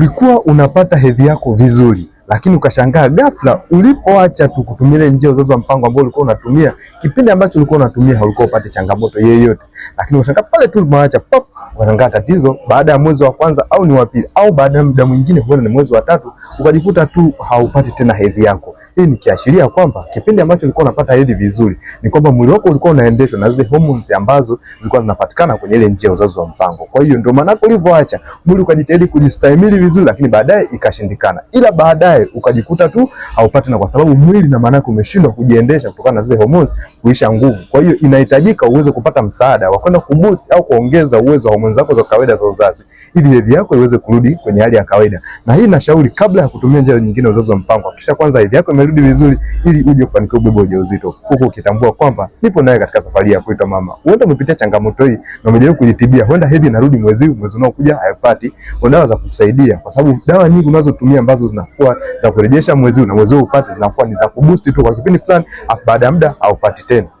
Ulikuwa unapata hedhi yako vizuri, lakini ukashangaa ghafla ulipoacha tu kutumia ile njia uzazi wa mpango ambao ulikuwa unatumia kipindi ambacho ulikuwa unatumia, haulikuwa upate changamoto yeyote, lakini ukashangaa pale tu ulipoacha pop, unashangaa tatizo baada ya mwezi wa kwanza au ni wa pili au baada ya muda mwingine, huenda ni mwezi wa tatu, ukajikuta tu haupati tena hedhi yako. Hii ni kiashiria kwamba kipindi ambacho ulikuwa unapata hedhi vizuri ni kwamba mwili wako ulikuwa unaendeshwa na zile hormones ambazo zilikuwa zinapatikana kwenye ile njia ya uzazi wa mpango. Kwa hiyo ndio maana ulivyoacha mwili ukajitahidi kujistahimili vizuri, lakini baadaye ikashindikana, ila baadaye ukajikuta tu haupati, na kwa sababu mwili na maana yake umeshindwa kujiendesha kutokana na zile hormones kuisha nguvu. Kwa hiyo inahitajika uweze kupata msaada wa kwenda kuboost au kuongeza uwezo wa hormones zako za kawaida za uzazi ili hedhi yako iweze kurudi kwenye hali ya kawaida, na hii nashauri kabla ya kutumia njia nyingine ya uzazi wa mpango, hakikisha kwanza hedhi yako umerudi vizuri, ili uje ufanikiwe kubeba ujauzito, huku ukitambua kwamba nipo nawe katika safari ya kuitwa mama. Huenda umepitia changamoto hii na umejaribu kujitibia, huenda hedhi inarudi mwezi huu, mwezi unaokuja hayapati, kuna dawa za kukusaidia, kwa sababu dawa nyingi unazotumia ambazo zinakuwa za kurejesha mwezi huu na mwezi huu upate, zinakuwa ni za kuboost tu kwa kipindi fulani, baada ya muda haupati tena.